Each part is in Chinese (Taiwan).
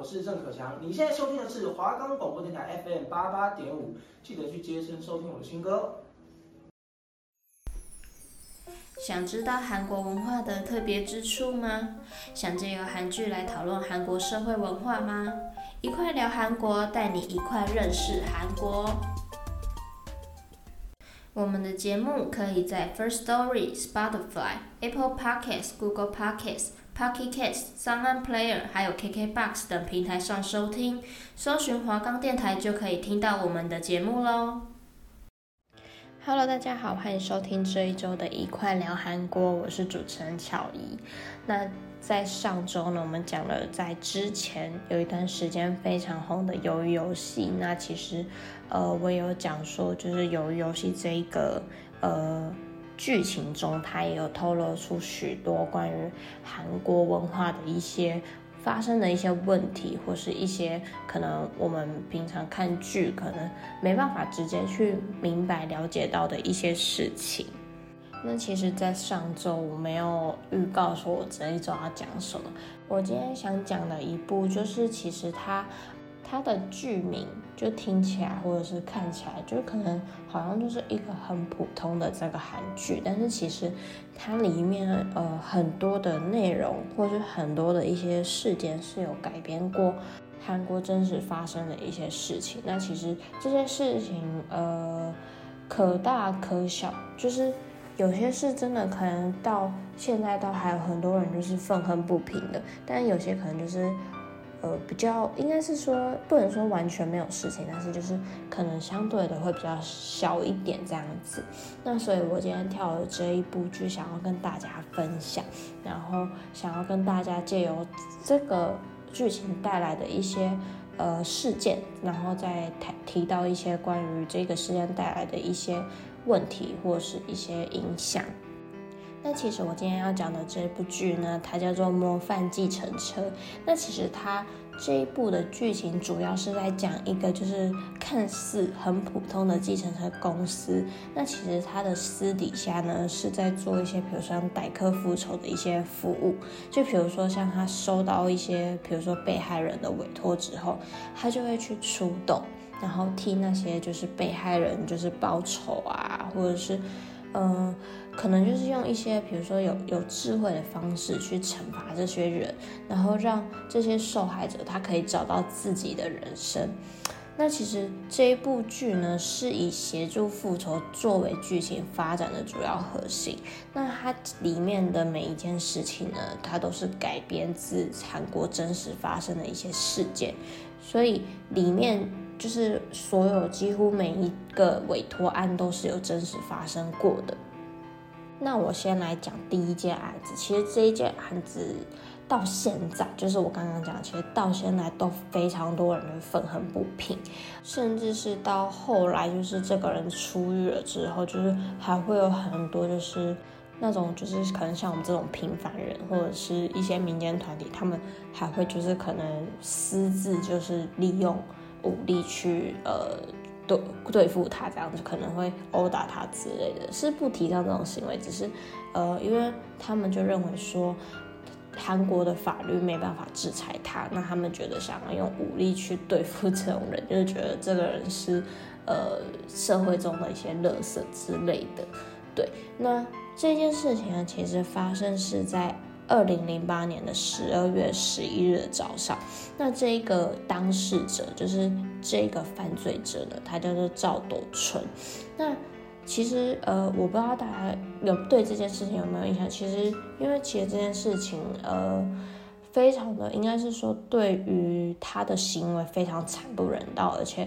我是鄭可強，你現在收聽的是華岡廣播電台 FM 八八點五，記得去接聲收聽我的新歌、哦。想知道韓國文化的特別之處嗎？想借由韓劇來討論韓國社會文化嗎？一塊聊韓國，帶你一塊認識韓國。我們的節目可以在 First Story、Spotify、Apple Podcasts、Google Podcasts Pocket Cast、SoundPlayer 還有 KKBox 等平台上收聽，搜尋華岡電台就可以聽到我們的節目嘍。Hello，大家好，歡迎收聽這一周的《宜塊聊韓國》，我是主持人巧宜。那在上周呢，我們講了在之前有一段時間非常紅的魷魚遊戲。那其實，呃，我也有講說，就是魷魚遊戲這一個，呃。劇情中，它也有透露出許多關於韓國文化的一些發生的一些問題，或是一些可能我們平常看劇可能沒辦法直接去明白了解到的一些事情。那其實，在上周我沒有預告說，我這一周要講什麼。我今天想講的一部，就是其實它。它的劇名就聽起來，或者是看起來，就可能好像就是一個很普通的這個韓劇，但是其實它裡面呃很多的內容，或者是很多的一些事件是有改編過韓國真實發生的一些事情。那其實這些事情呃可大可小，就是有些事真的可能到現在都還有很多人就是憤憤不平的，但有些可能就是。呃，比較應該是說，不能說完全沒有事情，但是就是可能相對的會比較小一點這樣子。那所以我今天挑了這一部劇，想要跟大家分享，然後想要跟大家借由這個劇情帶來的一些呃事件，然後再提到一些關於這個事件帶來的一些問題或者是一些影響。那其實我今天要講的這部劇呢，它叫做《模範計程車》。那其實它這一部的劇情主要是在講一個就是看似很普通的計程車公司，那其實它的私底下呢是在做一些比如說像代客復仇的一些服務。就比如說像他收到一些比如說被害人的委託之後，他就會去出動，然後替那些就是被害人就是報仇啊，或者是。嗯、呃，可能就是用一些，比如說有有智慧的方式去懲罰這些人，然後讓這些受害者他可以找到自己的人生。那其實這一部劇呢，是以協助復仇作為劇情發展的主要核心。那它裡面的每一件事情呢，它都是改編自韓國真實發生的一些事件，所以裡面。就是所有幾乎每一個委托案都是有真實發生過的。那我先來講第一件案子。其實這一件案子到現在，就是我剛剛講，其實到現在都非常多人的憤恨不平，甚至是到後來，就是這個人出獄了之後，就是還會有很多，就是那種就是可能像我們這種平凡人，或者是一些民間團體，他們還會就是可能私自就是利用。武力去呃對對付他這樣子可能會毆打他之類的，是不提倡這種行為。只是呃，因為他們就認為說韓國的法律沒辦法制裁他，那他們覺得想要用武力去對付這種人，就是覺得這個人是呃社會中的一些垃圾之類的。對，那這件事情呢，其實發生是在。二零零八年的十二月十一日的早上，那這個當事者就是這個犯罪者，呢，他叫做趙斗淳。那其實呃，我不知道大家有對這件事情有沒有印象？其實因為其實這件事情呃，非常的應該是說對於他的行為非常慘不忍道，而且。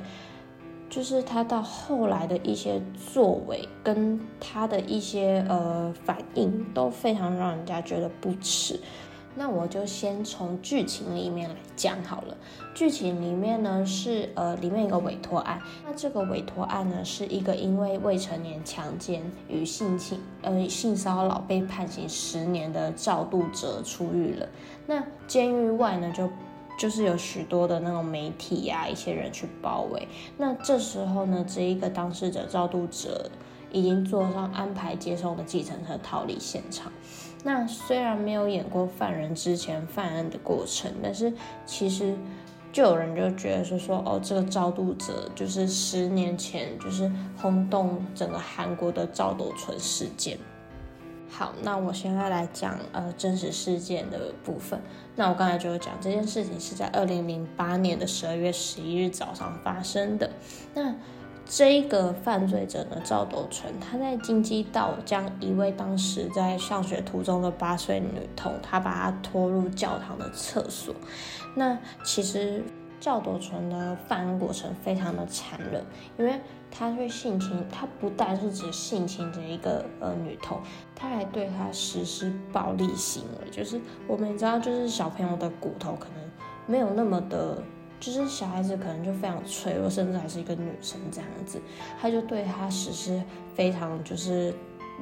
就是他到後來的一些作為，跟他的一些呃反應都非常讓人家覺得不齒。那我就先從劇情裡面來講好了。劇情裡面呢是呃裡面一個委託案，那這個委託案呢是一個因為未成年強姦與性侵呃性騷擾被判刑十年的趙度哲出獄了，那監獄外呢就。就是有許多的那種媒體啊，一些人去包圍。那這時候呢，這一個當事者趙度哲已經坐上安排接送的計程車逃離現場。那雖然沒有演過犯人之前犯案的過程，但是其實就有人就覺得說說，哦，這個趙度哲就是十年前就是轟動整個韓國的趙斗淳事件。好，那我現在來講呃真實事件的部分。那我剛才就講這件事情是在二零零八年的十二月十一日早上發生的。那這個犯罪者呢，趙斗淳，他在京畿道將一位當時在上學途中的八歲女童，他把她拖入教堂的廁所。那其實。趙斗淳的犯案過程非常的殘忍，因為他對性侵，他不但是指性侵這一個呃女童，他還對她實施暴力行為。就是我們知道，就是小朋友的骨頭可能沒有那麼的，就是小孩子可能就非常脆弱，甚至還是一個女生這樣子，他就對她實施非常就是。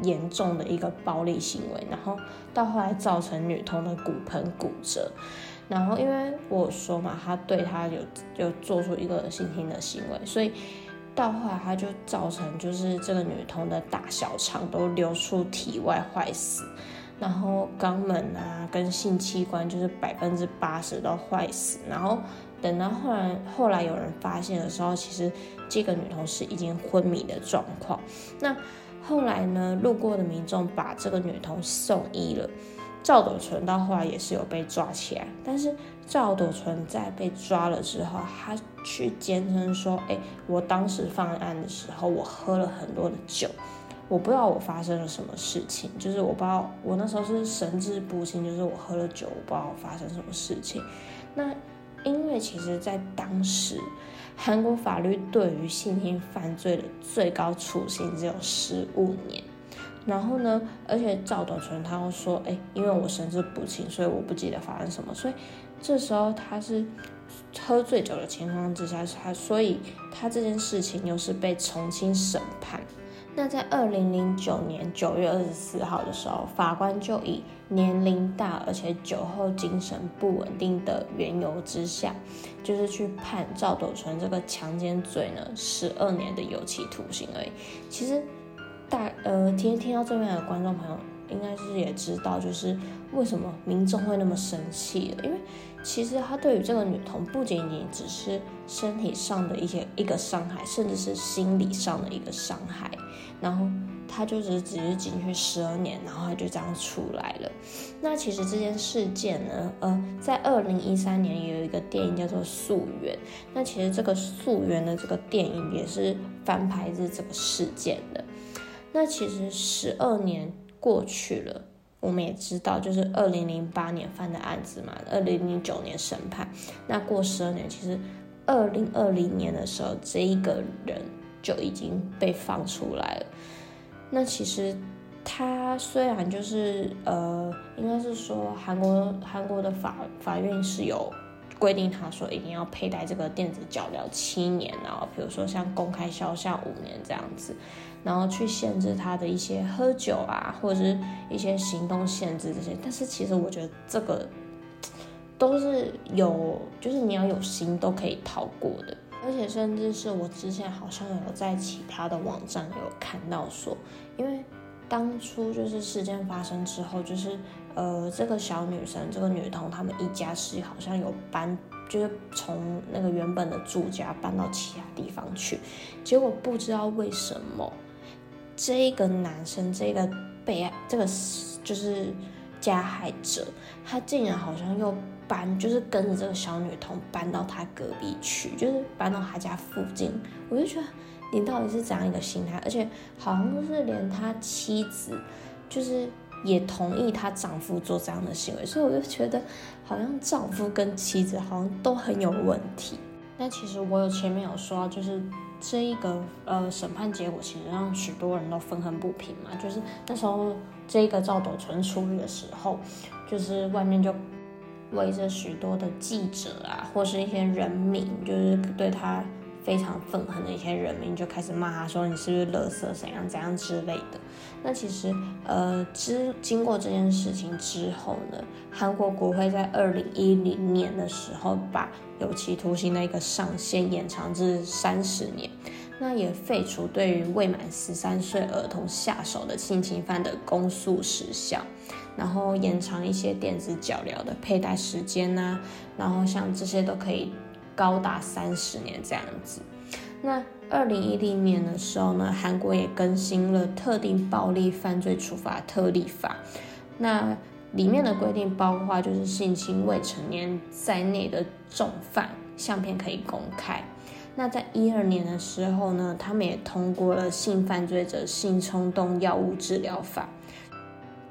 嚴重的一個暴力行為，然後到後來造成女童的骨盆骨折。然後因為我說嘛，她對她有有做出一個性侵的行為，所以到後來她就造成就是這個女童的大小腸都流出體外壞死，然後肛門啊跟性器官就是百分之八十都壞死，然後等到後來後來有人發現的時候，其實這個女童是已經昏迷的狀況，那。後來呢，路過的民眾把這個女童送醫了。趙斗淳到後來也是有被抓起來，但是趙斗淳在被抓了之後，他去堅稱說：“哎、欸，我當時犯案的時候，我喝了很多的酒，我不知道我發生了什麼事情，就是我不知道我那時候是神志不清，就是我喝了酒，我不知道發生什麼事情。”那因為其實在當時。韓國法律對於性侵犯罪的最高處刑只有十五年，然後呢，而且趙斗淳他會說，哎，因為我神志不清，所以我不記得發生什麼，所以這時候他是喝醉酒的情況之下，他所以他這件事情又是被重新審判。那在二零零九年九月二十四號的時候，法官就以年齡大，而且酒後精神不穩定的緣由之下，就是去判趙斗淳這個強姦罪呢十二年的有期徒刑而已。其實，大呃，其實聽到這邊的觀眾朋友應該是也知道，就是為什麼民眾會那麼生氣了，因為。其實他對於這個女童不僅僅只是身體上的一些一個傷害，甚至是心理上的一個傷害。然後他就是只是進去十二年，然後他就這樣出來了。那其實這件事件呢，呃，在二零一三年也有一個電影叫做《素媛》。那其實這個《素媛》的這個電影也是翻拍自這個事件的。那其實十二年過去了。我們也知道，就是二零零八年犯的案子嘛，二零零九年審判，那過十二年，其實二零二零年的時候，這一個人就已經被放出來了。那其實他雖然就是呃，應該是說韓國韓國的法法院是有規定，他說一定要佩戴這個電子腳鐐七年，然後比如說像公開肖像五年這樣子。然後去限制他的一些喝酒啊，或者是一些行動限制這些，但是其實我覺得這個都是有，就是你要有心都可以逃過的。而且甚至是我之前好像有在其他的網站有看到說，因為當初就是事件發生之後，就是呃這個小女生，這個女童，她們一家是好像有搬，就是從那個原本的住家搬到其他地方去，結果不知道為什麼。這個男生，這個被這個就是加害者，他竟然好像又搬，就是跟着這個小女童搬到他隔壁去，就是搬到他家附近，我就覺得你到底是怎樣一個心態？而且好像都是連他妻子，就是也同意他丈夫做這樣的行為，所以我就覺得好像丈夫跟妻子好像都很有問題。那其實我有前面有說，就是。這一個呃審判結果，其實讓許多人都憤恨不平嘛。就是那時候，這一個趙斗淳出獄的時候，就是外面就圍着許多的記者啊，或是一些人民，就是對他。非常憤恨的一些人民就開始罵他說：“你是不是垃圾怎樣怎樣之類的。”那其實，呃，之經過這件事情之後呢，韓國國會在二零一零年的時候把有期徒刑的一個上限延長至三十年，那也廢除對於未滿十三歲兒童下手的性侵犯的公訴時效，然後延長一些電子腳鐐的佩戴時間吶、啊，然後像這些都可以。高達三十年這樣子。那二零一零年的時候呢，韓國也更新了特定暴力犯罪處罰特例法。那裡面的規定包括就是性侵未成年在內的重犯相片可以公開。那在一二年的時候呢，他們也通過了性犯罪者性衝動藥物治療法。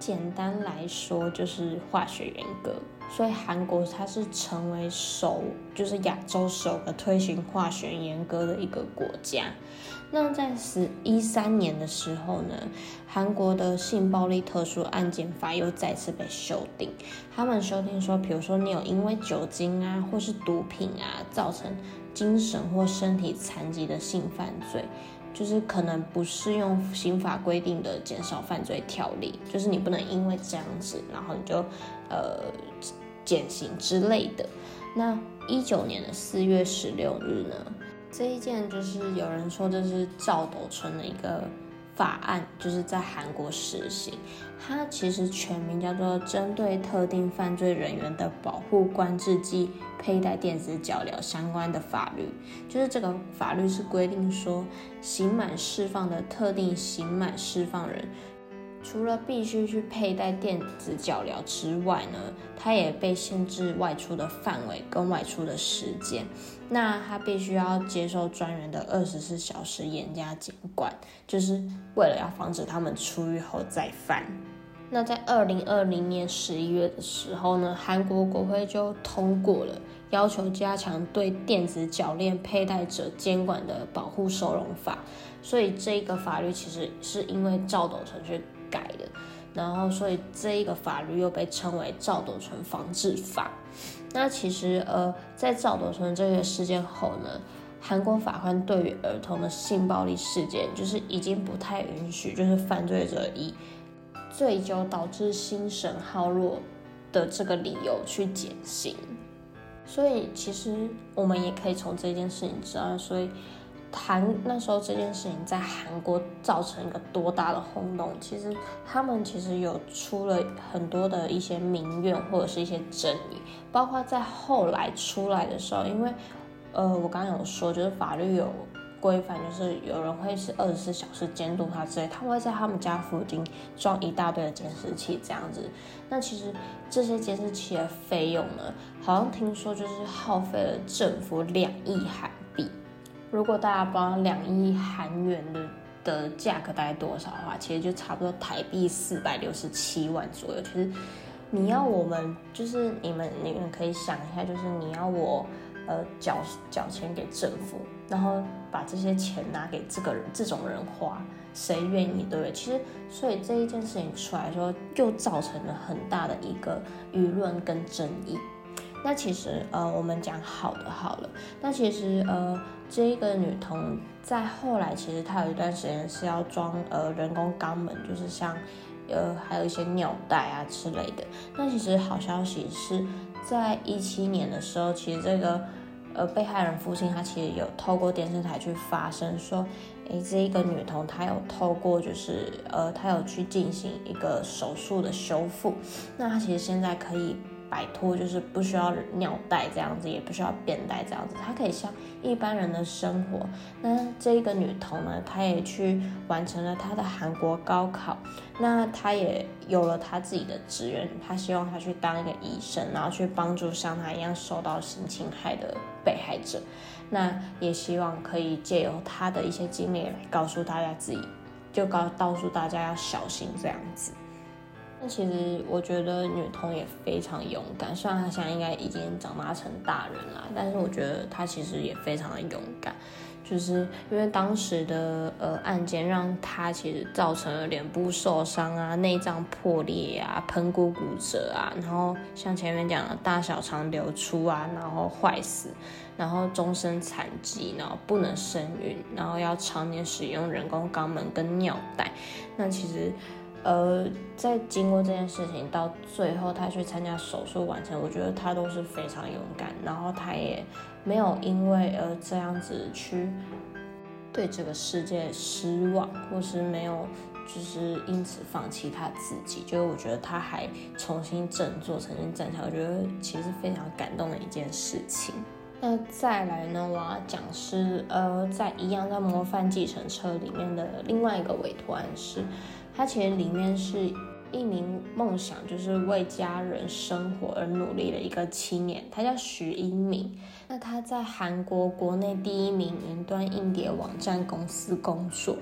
簡單來說，就是化學閹割，所以韓國它是成為首，就是亞洲首個推行化學閹割的，一個國家。那在十一三年的時候呢，韓國的性暴力特殊案件法又再次被修訂，他們修訂說，比如說你有因為酒精啊或是毒品啊，造成精神或身體殘疾的性犯罪。就是可能不適用刑法規定的減少犯罪條例，就是你不能因為這樣子，然後你就，呃，減刑之類的。那一九年的四月十六日呢，這一件就是有人說這是趙斗淳的一個法案，就是在韓國實行。它其實全名叫做《針對特定犯罪人員的保護官制機》。佩戴電子腳鐐相關的法律，就是這個法律是規定說，刑滿釋放的特定刑滿釋放人，除了必須去佩戴電子腳鐐之外呢，他也被限制外出的範圍跟外出的時間。那他必須要接受專員的二十四小時嚴加監管，就是為了要防止他們出獄後再犯。那在二零二零年十一月的時候呢，韓國國會就通過了。要求加強對電子腳鏈佩戴者監管的保護收容法，所以這一個法律其實是因為趙斗淳去改的，然後所以這一個法律又被稱為趙斗淳防治法。那其實呃，在趙斗淳這個事件後呢，韓國法官對於兒童的性暴力事件，就是已經不太允許，就是犯罪者以醉酒導致精神耗弱的這個理由去減刑。所以其實我們也可以從這件事情知道，所以韓那時候這件事情在韓國造成一個多大的轟動。其實他們其實有出了很多的一些民怨或者是一些爭議，包括在後來出來的時候，因為呃我剛剛有說，就是法律有規範，就是有人會是二十四小時監督他之類，他們會在他們家附近裝一大堆的監視器這樣子。那其實這些監視器的費用呢？好像聽說就是耗費了政府兩億韓幣。如果大家幫兩億韓元的的價格大概多少的話，其實就差不多台幣四百六十七萬左右。其實你要我們就是你們你們可以想一下，就是你要我呃繳繳錢給政府，然後把這些錢拿給這個人這種人花，誰願意對不對？其實所以這一件事情出來的時候，又造成了很大的一個輿論跟爭議。那其實呃，我們講好的好了。那其實呃，這一個女童在後來其實她有一段時間是要裝呃人工肛門，就是像呃還有一些尿袋啊之類的。那其實好消息是在一七年的時候，其實這個呃被害人父親他其實有透過電視台去發聲說，哎，這一個女童她有透過就是呃她有去進行一個手術的修復，那她其實現在可以。擺脫就是不需要尿袋這樣子，也不需要便袋這樣子，他可以像一般人的生活。那這一個女童呢，她也去完成了她的韓國高考，那她也有了她自己的志願，她希望她去當一個醫生，然後去幫助像她一樣受到性侵害的被害者。那也希望可以借由她的一些經歷來告訴大家自己，就告告訴大家要小心這樣子。那其實我覺得女童也非常勇敢，雖然她現在應該已經長大成大人了，但是我覺得她其實也非常的勇敢，就是因為當時的呃案件讓她其實造成了臉部受傷啊、內臟破裂啊、盆骨骨折啊，然後像前面講的大小腸流出啊，然後壞死，然後終身殘疾，然後不能生育，然後要常年使用人工肛門跟尿袋，那其實。而、呃、在經過這件事情到最後，他去參加手術完成，我覺得他都是非常勇敢。然後他也沒有因為而這樣子去對這個世界失望，或是沒有就是因此放棄他自己。就我覺得他還重新振作，重新站起來，我覺得其實非常感動的一件事情。那再來呢，我要講是呃在一樣在模範計程車裡面的另外一個委托案是。他其實裡面是一名夢想就是為家人生活而努力的一個青年，他叫徐英明。那他在韓國國內第一名雲端硬碟網站公司工作，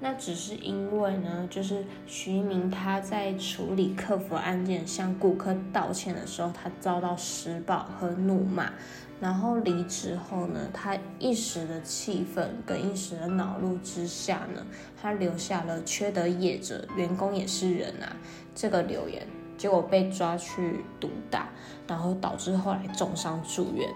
那只是因為呢，就是徐英明他在處理客服案件向顧客道歉的時候，他遭到施暴和怒罵。然後離職後呢，他一時的氣憤跟一時的惱怒之下呢，他留下了“缺德業者，員工也是人啊”這個留言，結果被抓去毒打，然後導致後來重傷住院。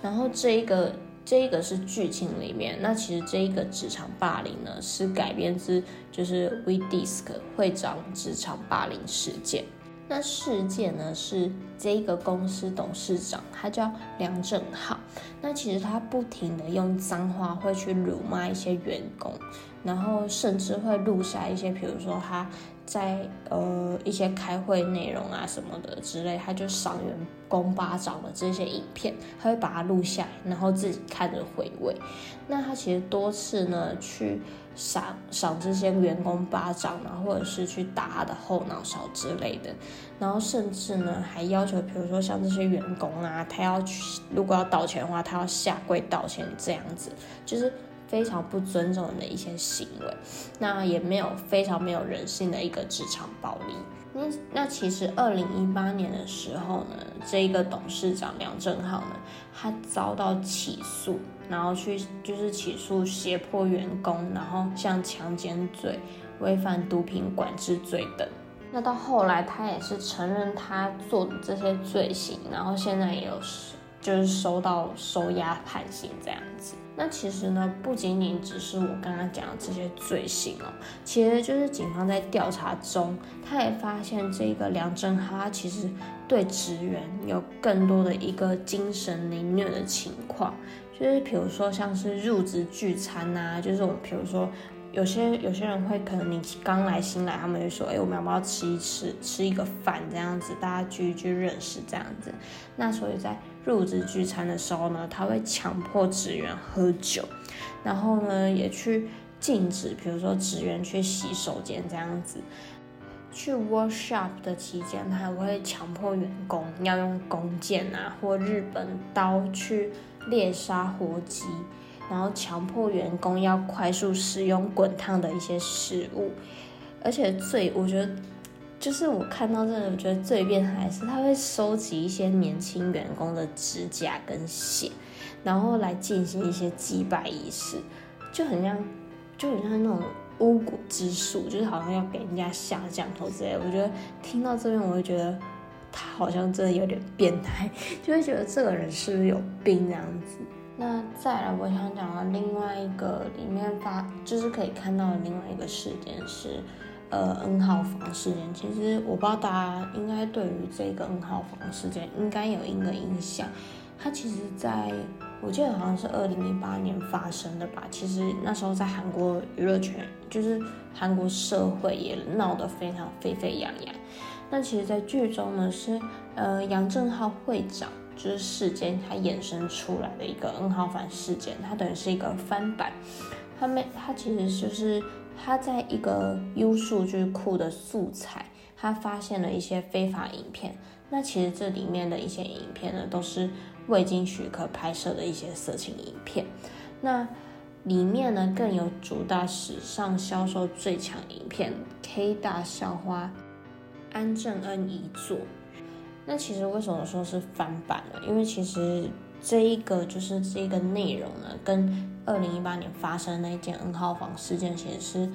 然後這一個這一個是劇情裡面，那其實這一個職場霸凌呢，是改編自就是 WeDisk 會長職場霸凌事件。那事件呢，是這個公司董事長，他叫梁振浩。那其實他不停的用髒話會去辱罵一些員工，然後甚至會錄下一些，比如說他。在呃、一些開會內容啊什麼的之類，他就賞員工巴掌的這些影片，他會把它錄下來，然後自己看着回味。那他其實多次呢去賞賞這些員工巴掌啊，然後或者是去打他的後腦勺之類的，然後甚至呢還要求，比如說像這些員工啊，他要去如果要道歉的話，他要下跪道歉這樣子，就是。非常不尊重人的一些行為，那也沒有非常沒有人性的一個職場暴力。那那其實二零一八年的時候呢，這個董事長梁振浩呢，他遭到起訴，然後去就是起訴脅迫員工，然後像強姦罪、違反毒品管制罪，等。那到後來他也是承認他做的這些罪行，然後現在也有。就是收到收押判刑這樣子，那其實呢，不僅僅只是我剛剛講的這些罪行哦、喔，其實就是警方在調查中，他也發現這個梁振哈其實對職員有更多的一個精神凌虐的情況，就是比如說像是入職聚餐吶、啊，就是我比如說。有些有些人會可能你剛來新來，他們就說，哎、欸，我們要不要吃一吃吃一個飯這樣子，大家聚一聚認識這樣子。那所以在入職聚餐的時候呢，他會強迫職員喝酒，然後呢也去禁止，比如說職員去洗手間這樣子。去 workshop 的期間，他還會強迫員工要用弓箭啊或日本刀去獵殺活雞。然後強迫員工要快速食用滾燙的一些食物，而且最我覺得就是我看到這個，我覺得最變態的是他會收集一些年輕員工的指甲跟血，然後來進行一些祭拜儀式，就很像就很像那種巫蠱之術，就是好像要給人家下降頭之類。我覺得聽到這邊，我就覺得他好像真的有點變態，就會覺得這個人是不是有病這樣子。那再來，我想講的另外一個裡面發，就是可以看到的另外一個事件是，呃，N 號房事件。其實我不知道大家應該對於這個 N 號房事件應該有一個印象。它其實在我記得好像是二零一八年發生的吧。其實那時候在韓國娛樂圈，就是韓國社會也鬧得非常沸沸揚揚。那其實，在劇中呢是，呃，楊正浩會長。就是事件，它衍生出來的一個 N 號房事件，它等於是一個翻版。他們，它其實就是他在一個 U 數據庫的素材，他發現了一些非法影片。那其實這裡面的一些影片呢，都是未經許可拍攝的一些色情影片。那裡面呢，更有主打史上銷售最強影片《K 大校花安正恩遺作》。那其實為什麼說是翻版呢？因為其實這一個就是這個內容呢，跟二零一八年發生的那一件 N 號房事件其實是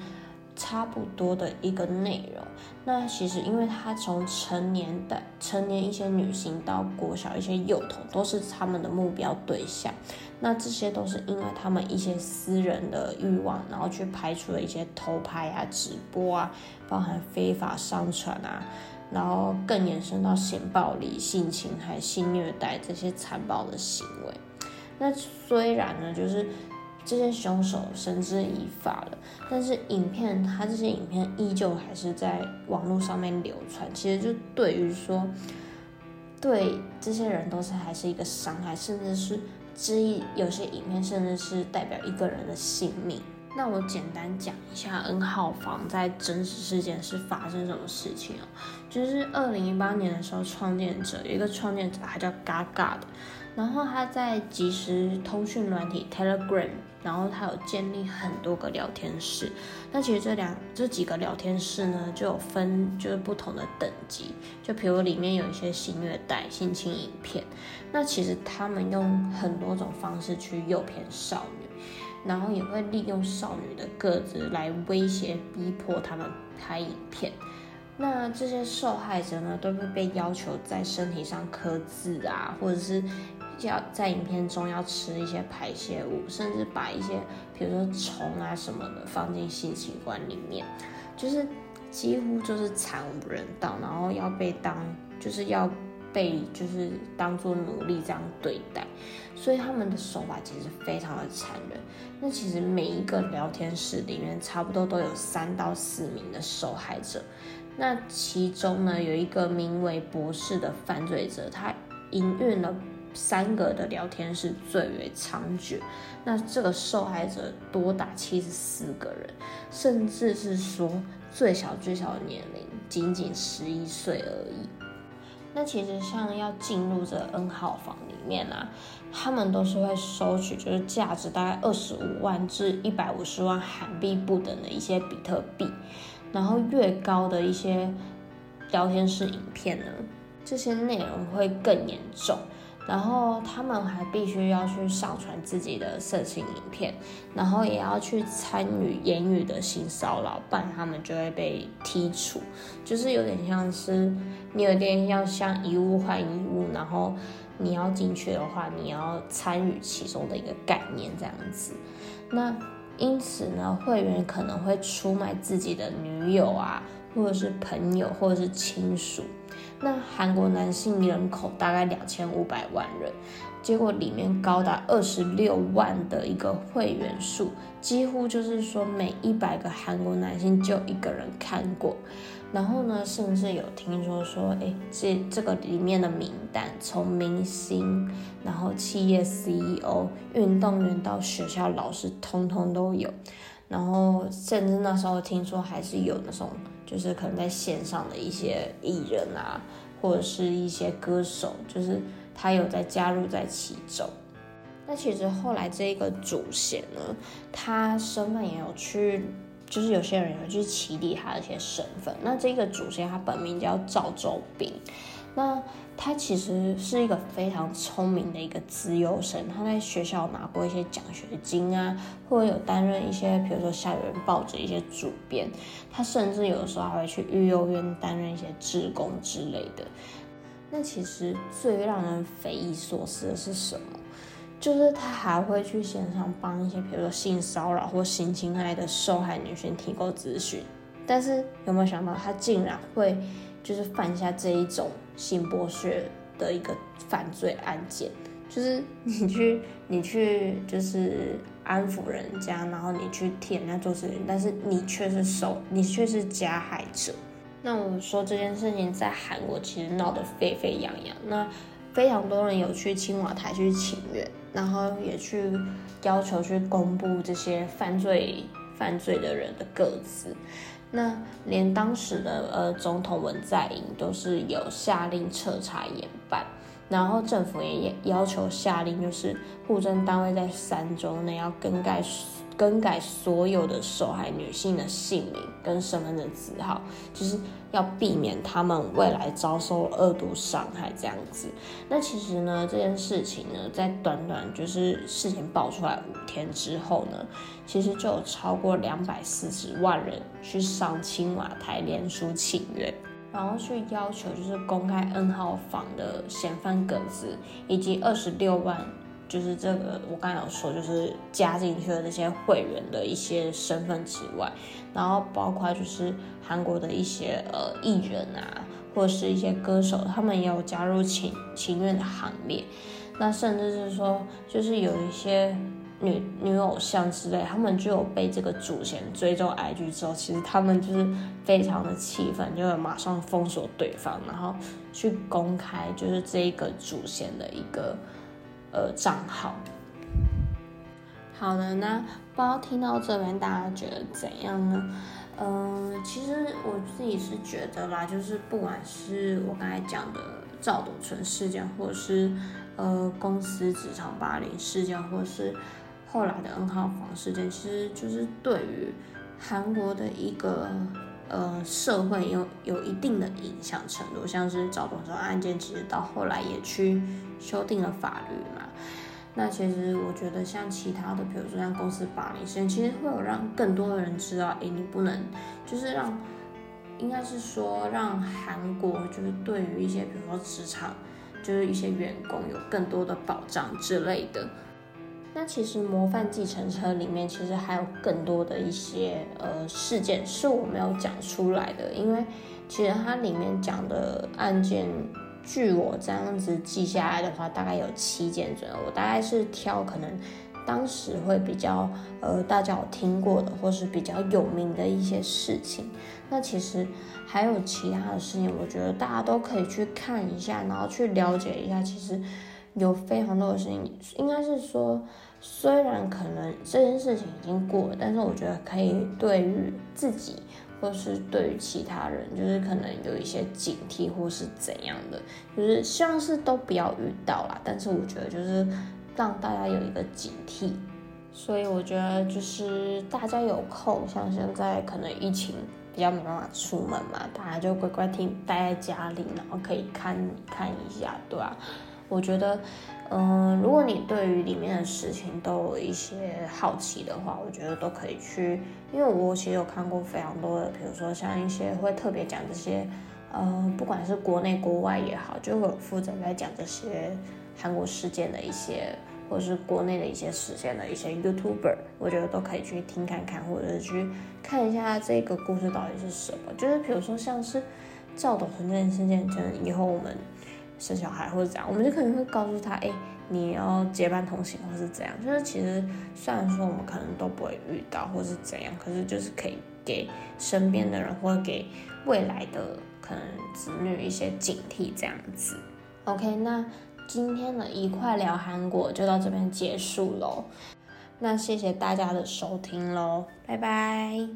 差不多的一個內容。那其實，因為它從成年的成年一些女性到國小一些幼童，都是他們的目標對象。那這些都是因為他們一些私人的慾望，然後去拍出了一些偷拍啊、直播啊，包含非法上傳啊。然後更延伸到性暴力、性侵害、性虐待這些殘暴的行為。那雖然呢，就是這些兇手繩之以法了，但是影片，他這些影片依舊還是在網絡上面流傳。其實就對於說，對這些人都是還是一個傷害，甚至是之一。有些影片甚至是代表一個人的性命。那我簡單講一下 N 號房在真實事件是發生什麼事情喔，就是二零一八年的時候，創建者有一個創建者他叫 Gaga 的，然後他在即時通訊軟體 Telegram，然後他有建立很多個聊天室，那其實這兩這幾個聊天室呢，就有分就是不同的等級，就比如裡面有一些性虐待、性侵影片，那其實他們用很多種方式去誘騙少女。然後也會利用少女的個子來威脅、逼迫他們拍影片。那這些受害者呢，都會被要求在身體上刻字啊，或者是要在影片中要吃一些排泄物，甚至把一些比如說蟲啊什麼的放進性器官裡面，就是幾乎就是慘無人道，然後要被當就是要被就是當做奴隸這樣對待，所以他們的手法其實非常的殘忍。那其實每一個聊天室裡面差不多都有三到四名的受害者。那其中呢，有一個名為博士的犯罪者，他營運了三個的聊天室最為猖獗。那這個受害者多達七十四個人，甚至是說最小最小的年齡僅僅十一歲而已。那其實像要進入這 N 號房裡面啊，他們都是會收取，就是價值大概二十五萬至一百五十萬韓幣不等的一些比特幣，然後越高的一些聊天室影片呢，這些內容會更嚴重。然後他們還必須要去上傳自己的色情影片，然後也要去參與言語的性騷擾，不然他們就會被踢出。就是有點像是，你有點要像一物換一物，然後你要進去的話，你要參與其中的一個概念這樣子。那因此呢，會員可能會出賣自己的女友啊，或者是朋友，或者是親屬。那韓國男性人口大概兩千五百萬人，結果裡面高達二十六萬的一個會員數，幾乎就是說每一百個韓國男性就一個人看過。然後呢，甚至有聽說說，哎、欸，這這個裡面的名單從明星，然後企業 CEO、運動員到學校老師，通通都有。然後甚至那時候聽說還是有那種。就是可能在線上的一些藝人啊，或者是一些歌手，就是他有在加入在其中。那其實後來這個主嫌呢，他身份也有去，就是有些人有去起底他的一些身份。那這個主嫌他本名叫趙周斌。那他其實是一個非常聰明的一個資優生，他在學校拿過一些獎學金啊，或者有擔任一些，比如說校園報紙一些主編。他甚至有時候還會去育幼院擔任一些志工之類的。那其實最讓人匪夷所思的是什麼？就是他還會去線上幫一些，比如說性騷擾或性侵害的受害女生提供諮詢。但是有沒有想到，他竟然會？就是犯下這一種性剝削的一個犯罪案件，就是你去，你去就是安撫人家，然後你去替人家做事情，但是你卻是受，你卻是加害者。那我說這件事情在韓國其實鬧得沸沸揚揚，那非常多人有去青瓦台去請願，然後也去要求去公布這些犯罪犯罪的人的個資。那連當時的呃總統文在寅都是有下令徹查嚴辦，然後政府也要求下令，就是戶政單位在三周內要更改。更改所有的受害女性的姓名跟身份證字號，就是要避免他們未來遭受二度傷害這樣子。那其實呢，這件事情呢，在短短就是事情爆出來五天之後呢，其實就有超過兩百四十萬人去上青瓦台聯署請願，然後去要求就是公開 N 號房的嫌犯個資以及二十六萬。就是這個，我剛才有說，就是加進去的那些會員的一些身份之外，然後包括就是韓國的一些呃藝人啊，或者是一些歌手，他們也有加入請請願的行列。那甚至是說，就是有一些女女偶像之類，他們就有被這個主嫌追蹤 IG 之後，其實他們就是非常的氣憤，就會馬上封鎖對方，然後去公開就是這一個主嫌的一個。呃，賬號。好的。那不知道聽到這邊大家覺得怎樣呢？嗯、呃，其實我自己是覺得啦，就是不管是我剛才講的趙斗淳事件，或是呃公司職場霸凌事件，或是後來的 N 號房事件，其實就是對於韓國的一個。呃、嗯，社會有有一定的影響程度，像是趙宗昭案件，其實到後來也去修訂了法律嘛。那其實我覺得，像其他的，比如說像公司法律，其實會有讓更多的人知道，哎，你不能就是讓，應該是說讓韓國就是對於一些比如說職場，就是一些員工有更多的保障之類的。那其實《模範計程車》裡面其實還有更多的一些呃事件是我沒有講出來的，因為其實它裡面講的案件，據我這樣子記下來的話，大概有七件左右。我大概是挑可能當時會比較呃大家有聽過的，或是比較有名的一些事情。那其實還有其他的事情，我覺得大家都可以去看一下，然後去了解一下。其實。有非常多的事情，應該是說，雖然可能這件事情已經過了，但是我覺得可以對於自己，或是對於其他人，就是可能有一些警惕或是怎樣的，就是像是都不要遇到了，但是我覺得就是讓大家有一個警惕，所以我覺得就是大家有空，像現在可能疫情比較沒辦法出門嘛，大家就乖乖聽，待在家裡，然後可以看看一下，對吧、啊？我覺得，嗯、呃，如果你對於裡面的事情都有一些好奇的話，我覺得都可以去，因為我其實有看過非常多的，比如說像一些會特別講這些，呃，不管是國內國外也好，就會有負責在講這些韓國事件的一些，或者是國內的一些事件的一些 YouTuber，我覺得都可以去聽看看，或者是去看一下這個故事到底是什麼，就是比如說像是趙斗淳那件事件，可能以後我們。生小孩或者怎樣，我們就可能會告訴他，欸，你要結伴同行或是怎樣。就是其實雖然說我們可能都不會遇到或是怎樣，可是就是可以給身邊的人或者給未來的可能子女一些警惕這樣子。OK，那今天的宜塊聊韓國就到這邊結束嘍。那謝謝大家的收聽嘍，拜拜。